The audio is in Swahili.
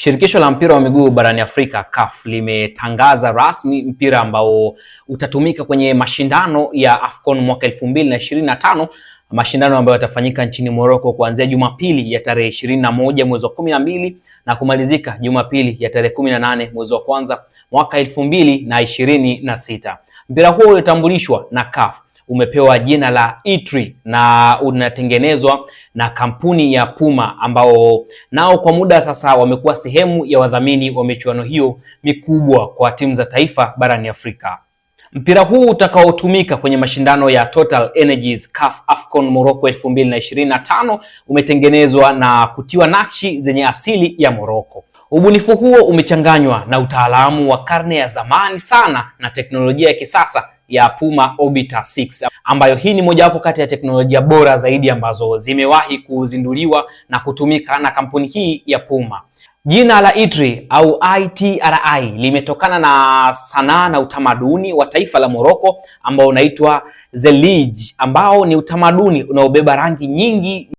Shirikisho la mpira wa miguu barani Afrika CAF limetangaza rasmi mpira ambao utatumika kwenye mashindano ya AFCON mwaka 2025, mashindano ambayo yatafanyika nchini Morocco kuanzia Jumapili ya tarehe 21 mwezi wa 12 na kumalizika Jumapili ya tarehe 18 mwezi wa kwanza mwaka 2026. Mpira huo uliotambulishwa na CAF umepewa jina la Itri na unatengenezwa na kampuni ya Puma ambao nao kwa muda sasa wamekuwa sehemu ya wadhamini wa michuano hiyo mikubwa kwa timu za taifa barani Afrika. Mpira huu utakaotumika kwenye mashindano ya Total Energies CAF AFCON Morocco 2025 umetengenezwa na kutiwa nakshi zenye asili ya Morocco. Ubunifu huo umechanganywa na utaalamu wa karne ya zamani sana na teknolojia ya kisasa ya Puma Orbiter 6 ambayo hii ni mojawapo kati ya teknolojia bora zaidi ambazo zimewahi kuzinduliwa na kutumika na kampuni hii ya Puma. Jina la ITRI au ITRI limetokana na sanaa na utamaduni wa taifa la Morocco ambao unaitwa Zelij ambao ni utamaduni unaobeba rangi nyingi.